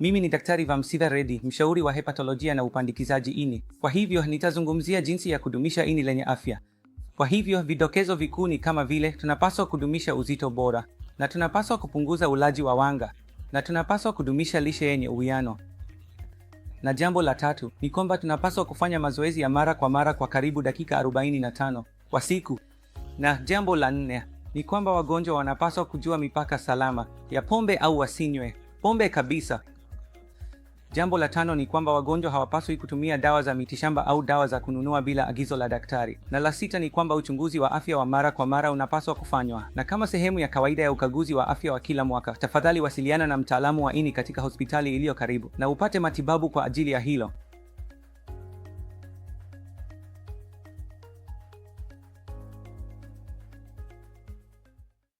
Mimi ni Daktari Vamsiva Reddy, mshauri wa hepatolojia na upandikizaji ini. Kwa hivyo nitazungumzia jinsi ya kudumisha ini lenye afya. Kwa hivyo vidokezo vikuu ni kama vile tunapaswa kudumisha uzito bora, na tunapaswa kupunguza ulaji wa wanga, na tunapaswa kudumisha lishe yenye uwiano. Na jambo la tatu ni kwamba tunapaswa kufanya mazoezi ya mara kwa mara kwa karibu dakika 45 kwa siku. Na jambo la nne ni kwamba wagonjwa wanapaswa kujua mipaka salama ya pombe au wasinywe pombe kabisa. Jambo la tano ni kwamba wagonjwa hawapaswi kutumia dawa za mitishamba au dawa za kununua bila agizo la daktari. Na la sita ni kwamba uchunguzi wa afya wa mara kwa mara unapaswa kufanywa, na kama sehemu ya kawaida ya ukaguzi wa afya wa kila mwaka, tafadhali wasiliana na mtaalamu wa ini katika hospitali iliyo karibu na upate matibabu kwa ajili ya hilo.